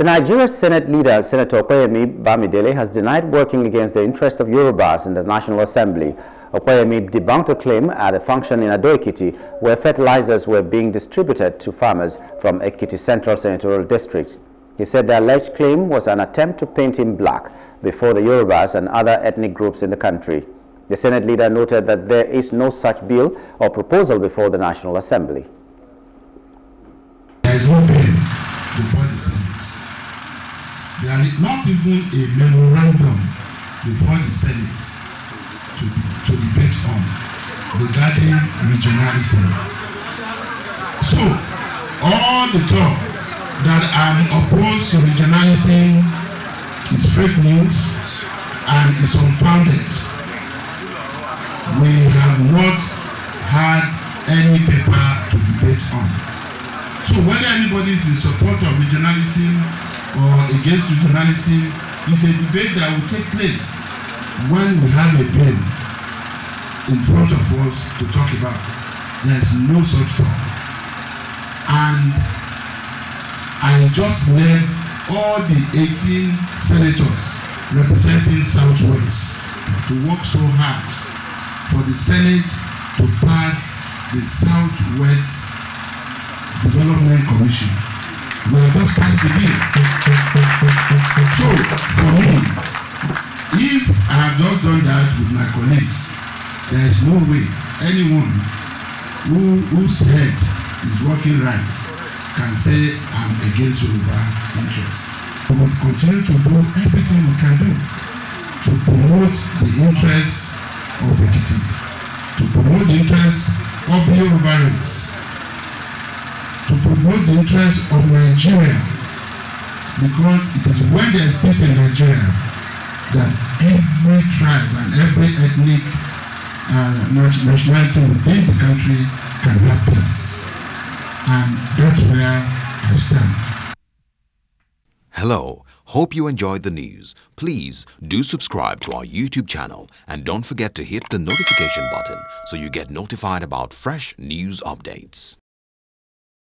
The Nigeria Senate leader, Senator Okoyemi Bamidele, has denied working against the interest of Yorubas in the National Assembly. Okoyemi debunked a claim at a function in Ado Ekiti where fertilizers were being distributed to farmers from Ekiti Central Senatorial District. He said the alleged claim was an attempt to paint him black before the Yorubas and other ethnic groups in the country. The Senate leader noted that there is no such bill or proposal before the National Assembly. There is no bill before the Senate. There is not even a memorandum before the Senate to, to debate on regarding regionalism. So, all the talk that I'm opposed to regionalism is fake news and is unfounded. We have not had any paper to debate on. So whether anybody is in support of regionalism or against regionalism is a debate that will take place when we have a bill in front of us to talk about. There's no such talk. And I just led all the 18 senators representing Southwest to work so hard for the Senate to pass the Southwest Development Commission we are just trying to be. So for me, if I have not done that with my colleagues, there is no way anyone who whose head is working right can say I'm against Yoruba interest. We will continue to do everything we can do to promote the interests of Ekiti, to promote the interests of the Yoruba race. to promote the interests of Nigeria because it is when there is peace in Nigeria that every tribe and every ethnic uh, nationality within the country can have peace. And that's where I stand. Hello. Hope you enjoyed the news. Please do subscribe to our YouTube channel and don't forget to hit the notification button so you get notified about fresh news updates.